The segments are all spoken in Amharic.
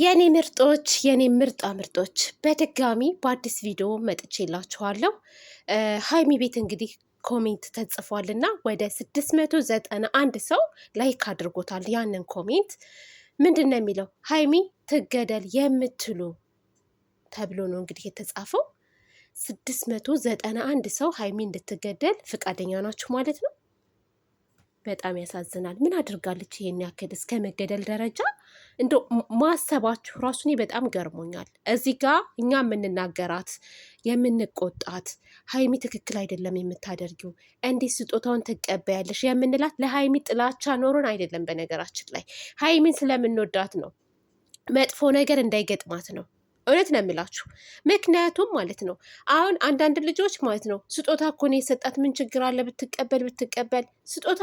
የኔ ምርጦች የኔ ምርጣ ምርጦች በድጋሚ በአዲስ ቪዲዮ መጥቼ ሀይሚ ቤት እንግዲህ ኮሜንት ተጽፏል እና ወደ 691 ሰው ላይክ አድርጎታል። ያንን ኮሜንት ምንድን ነው የሚለው? ሀይሚ ትገደል የምትሉ ተብሎ ነው እንግዲህ የተጻፈው። 691 ሰው ሀይሚ እንድትገደል ፈቃደኛ ናችሁ ማለት ነው። በጣም ያሳዝናል። ምን አድርጋለች ይሄን ያክል እስከ መገደል ደረጃ? እንደ ማሰባችሁ ራሱ እኔ በጣም ገርሞኛል። እዚህ ጋ እኛ የምንናገራት የምንቆጣት ሀይሚ ትክክል አይደለም የምታደርጊው፣ እንዴት ስጦታውን ትቀበያለሽ የምንላት ለሀይሚ ጥላቻ ኖሮን አይደለም። በነገራችን ላይ ሀይሚን ስለምንወዳት ነው፣ መጥፎ ነገር እንዳይገጥማት ነው። እውነት ነው የምላችሁ። ምክንያቱም ማለት ነው አሁን አንዳንድ ልጆች ማለት ነው ስጦታ እኮ ነው የሰጣት ምን ችግር አለ ብትቀበል ብትቀበል ስጦታ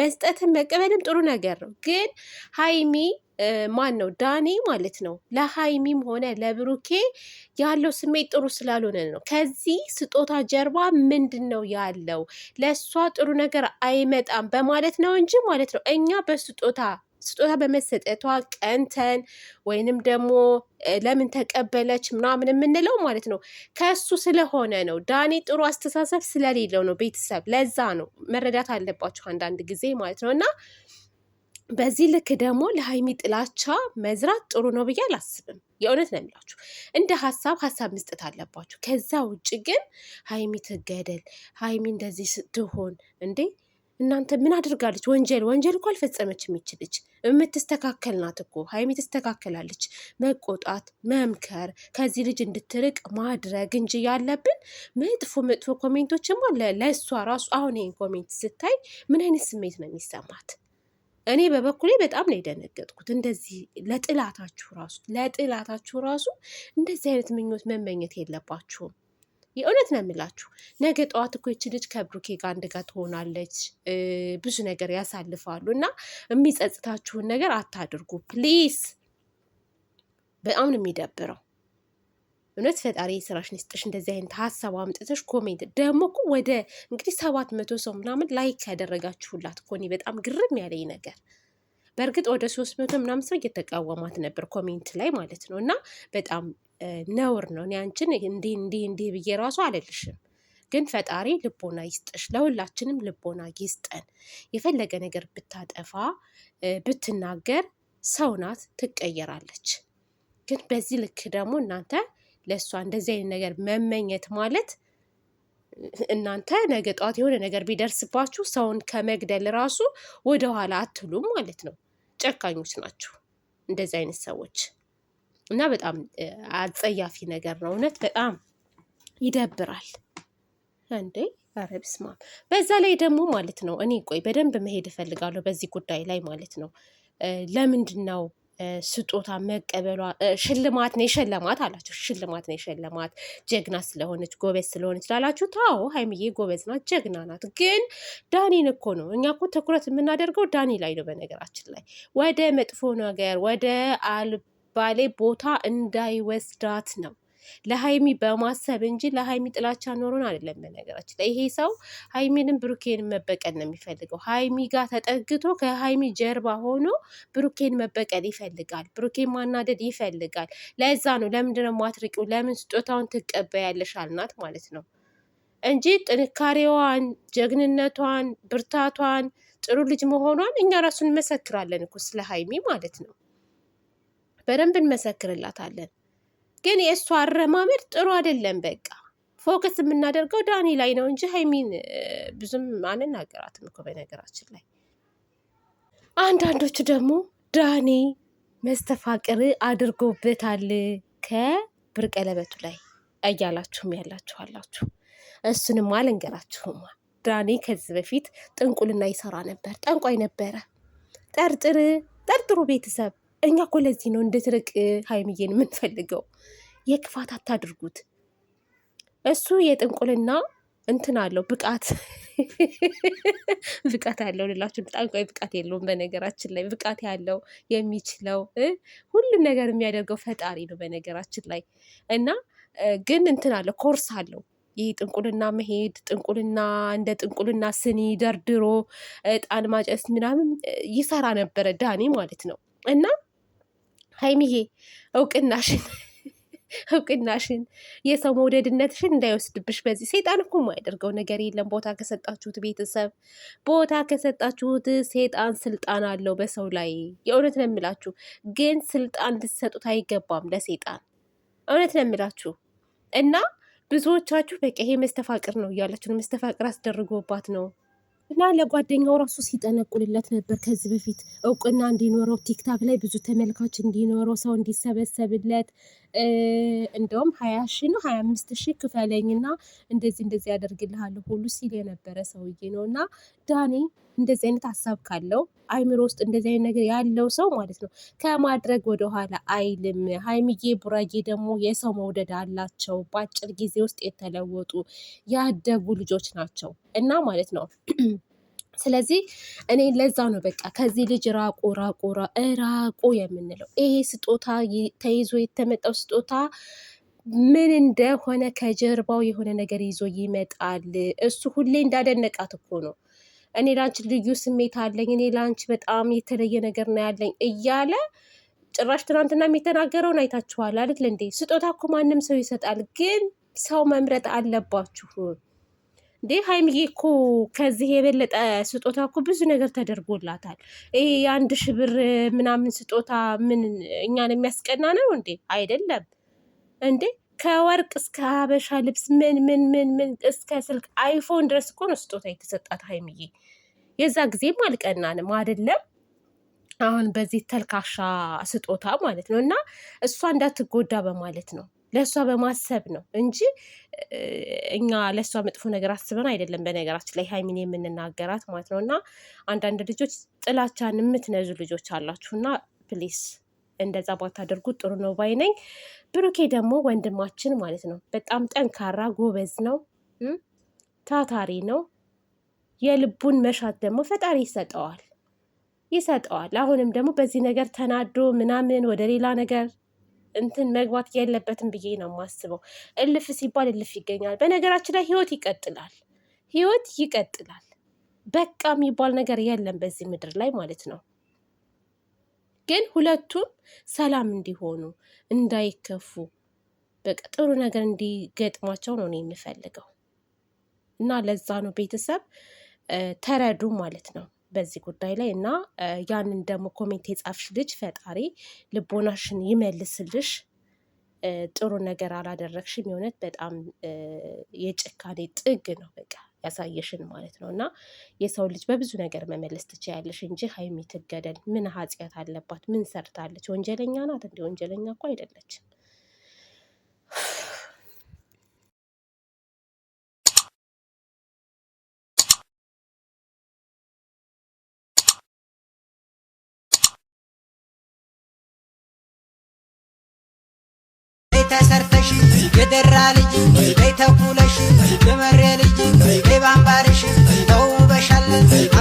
መስጠትን መቀበልም ጥሩ ነገር ነው። ግን ሀይሚ ማን ነው ዳኔ ማለት ነው ለሀይሚም ሆነ ለብሩኬ ያለው ስሜት ጥሩ ስላልሆነ ነው። ከዚህ ስጦታ ጀርባ ምንድን ነው ያለው? ለእሷ ጥሩ ነገር አይመጣም በማለት ነው እንጂ ማለት ነው እኛ በስጦታ ስጦታ በመሰጠቷ ቀንተን ወይንም ደግሞ ለምን ተቀበለች ምናምን የምንለው ማለት ነው። ከሱ ስለሆነ ነው። ዳኒ ጥሩ አስተሳሰብ ስለሌለው ነው። ቤተሰብ ለዛ ነው መረዳት አለባቸው አንዳንድ ጊዜ ማለት ነው። እና በዚህ ልክ ደግሞ ለሀይሚ ጥላቻ መዝራት ጥሩ ነው ብዬ አላስብም። የእውነት ነው የሚላችሁ እንደ ሀሳብ ሀሳብ መስጠት አለባችሁ። ከዛ ውጭ ግን ሀይሚ ትገደል፣ ሀይሚ እንደዚህ ስትሆን እንዴ እናንተ ምን አድርጋለች? ወንጀል ወንጀል እኮ አልፈጸመች። የሚችልች የምትስተካከል ናት እኮ ሀይሚ ትስተካከላለች። መቆጣት፣ መምከር፣ ከዚህ ልጅ እንድትርቅ ማድረግ እንጂ ያለብን መጥፎ መጥፎ ኮሜንቶችማ ለእሷ ራሱ አሁን ይህን ኮሜንት ስታይ ምን አይነት ስሜት ነው የሚሰማት? እኔ በበኩሌ በጣም ነው የደነገጥኩት። እንደዚህ ለጥላታችሁ ራሱ ለጥላታችሁ ራሱ እንደዚህ አይነት ምኞት መመኘት የለባችሁም። የእውነት ነው የምላችሁ። ነገ ጠዋት እኮ ይች ልጅ ከብሩኬ ጋር አንድ ጋር ትሆናለች፣ ብዙ ነገር ያሳልፋሉ እና የሚጸጽታችሁን ነገር አታድርጉ ፕሊስ። በጣም ነው የሚደብረው። እውነት ፈጣሪ የስራሽን ንስጥሽ። እንደዚህ አይነት ሀሳብ አምጥተሽ ኮሜንት ደግሞ እኮ ወደ እንግዲህ ሰባት መቶ ሰው ምናምን ላይክ ያደረጋችሁላት እኮ እኔ በጣም ግርም ያለኝ ነገር በእርግጥ ወደ ሶስት መቶ ምናምን ሰው እየተቃወማት ነበር ኮሜንት ላይ ማለት ነው። እና በጣም ነውር ነው። እኔ አንቺን እንዲህ እንዲህ እንዲህ ብዬ ራሱ አልልሽም፣ ግን ፈጣሪ ልቦና ይስጥሽ። ለሁላችንም ልቦና ይስጠን። የፈለገ ነገር ብታጠፋ ብትናገር ሰው ናት፣ ትቀየራለች። ግን በዚህ ልክ ደግሞ እናንተ ለእሷ እንደዚህ አይነት ነገር መመኘት ማለት እናንተ ነገ ጠዋት የሆነ ነገር ቢደርስባችሁ ሰውን ከመግደል ራሱ ወደኋላ አትሉም ማለት ነው። ጨካኞች ናችሁ እንደዚህ አይነት ሰዎች። እና በጣም አጸያፊ ነገር ነው። እውነት በጣም ይደብራል። እንዴ ኧረ በስመ አብ። በዛ ላይ ደግሞ ማለት ነው እኔ ቆይ በደንብ መሄድ እፈልጋለሁ በዚህ ጉዳይ ላይ ማለት ነው። ለምንድን ነው ስጦታ መቀበሏ? ሽልማት ነው የሸለማት አላችሁ። ሽልማት ነው የሸለማት ጀግና ስለሆነች ጎበዝ ስለሆነች ላላችሁ፣ ታዎ ሀይምዬ ጎበዝ ናት፣ ጀግና ናት። ግን ዳኒን እኮ ነው እኛ እኮ ትኩረት የምናደርገው ዳኒ ላይ ነው። በነገራችን ላይ ወደ መጥፎ ነገር ወደ አልብ ባሌ ቦታ እንዳይወስዳት ነው ለሀይሚ በማሰብ እንጂ ለሀይሚ ጥላቻ ኖሮን አይደለም። በነገራችን ላይ ይሄ ሰው ሀይሚንም ብሩኬን መበቀል ነው የሚፈልገው። ሀይሚ ጋር ተጠግቶ ከሀይሚ ጀርባ ሆኖ ብሩኬን መበቀል ይፈልጋል። ብሩኬን ማናደድ ይፈልጋል። ለዛ ነው ለምንድነው የማትርቂው? ለምን ስጦታውን ትቀበያለሽ? አልናት ማለት ነው እንጂ ጥንካሬዋን፣ ጀግንነቷን፣ ብርታቷን፣ ጥሩ ልጅ መሆኗን እኛ ራሱ እንመሰክራለን እኮ ስለ ሀይሚ ማለት ነው። በደንብ እንመሰክርላታለን። ግን የእሷ አረማመድ ጥሩ አይደለም። በቃ ፎከስ የምናደርገው ዳኒ ላይ ነው እንጂ ሀይሚን ብዙም አንናገራትም እኮ በነገራችን ላይ። አንዳንዶቹ ደግሞ ዳኒ መስተፋቅር አድርጎበታል ከብር ቀለበቱ ላይ እያላችሁም ያላችኋላችሁ። እሱንም አልንገራችሁማ። ዳኒ ከዚህ በፊት ጥንቁልና ይሰራ ነበር፣ ጠንቋይ ነበረ። ጠርጥር ጠርጥሩ ቤተሰብ እኛ እኮ ለዚህ ነው እንድትርቅ ሀይምዬን የምንፈልገው። የክፋት አታድርጉት። እሱ የጥንቁልና እንትን አለው ብቃት ብቃት ያለው ሌላችሁ ጠንቋይ ብቃት የለውም። በነገራችን ላይ ብቃት ያለው የሚችለው ሁሉም ነገር የሚያደርገው ፈጣሪ ነው። በነገራችን ላይ እና ግን እንትን አለው ኮርስ አለው። ይህ ጥንቁልና መሄድ ጥንቁልና እንደ ጥንቁልና ስኒ ደርድሮ እጣን ማጨስ ምናምን ይሰራ ነበረ ዳኒ ማለት ነው እና ሀይሚዬ እውቅናሽን እውቅናሽን የሰው መውደድነትሽን እንዳይወስድብሽ። በዚህ ሴጣን እኮ የማያደርገው ነገር የለም። ቦታ ከሰጣችሁት ቤተሰብ፣ ቦታ ከሰጣችሁት ሴጣን ስልጣን አለው በሰው ላይ። የእውነት ነው የምላችሁ፣ ግን ስልጣን ልትሰጡት አይገባም ለሴጣን። እውነት ነው የምላችሁ እና ብዙዎቻችሁ በቃ ይሄ መስተፋቅር ነው እያላችሁ መስተፋቅር አስደርጎባት ነው እና ለጓደኛው ራሱ ሲጠነቁልለት ነበር። ከዚህ በፊት እውቅና እንዲኖረው ቲክታክ ላይ ብዙ ተመልካች እንዲኖረው ሰው እንዲሰበሰብለት እንደውም ሀያ ሺ ነው ሀያ አምስት ሺ ክፈለኝና እንደዚህ እንደዚህ ያደርግልሃለሁ ሁሉ ሲል የነበረ ሰውዬ ነው እና ዳኒ እንደዚህ አይነት ሀሳብ ካለው አይምሮ ውስጥ እንደዚህ አይነት ነገር ያለው ሰው ማለት ነው ከማድረግ ወደኋላ አይልም። ሀይሚዬ ቡራጌ ደግሞ የሰው መውደድ አላቸው። በአጭር ጊዜ ውስጥ የተለወጡ ያደጉ ልጆች ናቸው እና ማለት ነው ስለዚህ እኔ ለዛ ነው በቃ ከዚህ ልጅ ራቁ ራቁ ራቁ የምንለው። ይሄ ስጦታ ተይዞ የተመጣው ስጦታ ምን እንደሆነ ከጀርባው የሆነ ነገር ይዞ ይመጣል። እሱ ሁሌ እንዳደነቃት እኮ ነው እኔ ላንቺ ልዩ ስሜት አለኝ፣ እኔ ላንቺ በጣም የተለየ ነገር ነው ያለኝ እያለ ጭራሽ ትናንትና የተናገረውን አይታችኋል አይደል እንዴ? ስጦታ እኮ ማንም ሰው ይሰጣል፣ ግን ሰው መምረጥ አለባችሁ። እንዴ ሀይሚዬ እኮ ከዚህ የበለጠ ስጦታ እኮ ብዙ ነገር ተደርጎላታል። ይሄ የአንድ ሺህ ብር ምናምን ስጦታ ምን እኛን የሚያስቀና ነው እንዴ? አይደለም እንዴ ከወርቅ እስከ ሀበሻ ልብስ ምን ምን ምን ምን እስከ ስልክ አይፎን ድረስ እኮ ነው ስጦታ የተሰጣት ሀይሚዬ። የዛ ጊዜም አልቀናንም አይደለም አሁን በዚህ ተልካሻ ስጦታ ማለት ነው። እና እሷ እንዳትጎዳ በማለት ነው ለእሷ በማሰብ ነው እንጂ እኛ ለእሷ መጥፎ ነገር አስበን አይደለም። በነገራችን ላይ ሀይሚን የምንናገራት ማለት ነው። እና አንዳንድ ልጆች ጥላቻን የምትነዙ ልጆች አላችሁ እና ፕሊስ እንደዛ ባታደርጉ ጥሩ ነው ባይ ነኝ። ብሩኬ ደግሞ ወንድማችን ማለት ነው በጣም ጠንካራ ጎበዝ ነው፣ ታታሪ ነው። የልቡን መሻት ደግሞ ፈጣሪ ይሰጠዋል ይሰጠዋል። አሁንም ደግሞ በዚህ ነገር ተናዶ ምናምን ወደ ሌላ ነገር እንትን መግባት የለበትም ብዬ ነው የማስበው። እልፍ ሲባል እልፍ ይገኛል። በነገራችን ላይ ህይወት ይቀጥላል፣ ህይወት ይቀጥላል። በቃ የሚባል ነገር የለም በዚህ ምድር ላይ ማለት ነው። ግን ሁለቱም ሰላም እንዲሆኑ እንዳይከፉ፣ በቃ ጥሩ ነገር እንዲገጥማቸው ነው እኔ የምፈልገው እና ለዛ ነው ቤተሰብ ተረዱ ማለት ነው። በዚህ ጉዳይ ላይ እና ያንን ደግሞ ኮሜንት የጻፍሽ ልጅ ፈጣሪ ልቦናሽን ይመልስልሽ። ጥሩ ነገር አላደረግሽም። የእውነት በጣም የጭካኔ ጥግ ነው በቃ ያሳየሽን ማለት ነው። እና የሰው ልጅ በብዙ ነገር መመለስ ትችያለሽ እንጂ ሀይሚ ትገደል፣ ምን ኃጢአት አለባት? ምን ሰርታለች? ወንጀለኛ ናት እንዲ? ወንጀለኛ እኮ አይደለችም። ተሰርተሽ የደራ ልጅ በይተኩለሽ የመሬ ልጅ በይ ባምባርሽ ተውበሻለን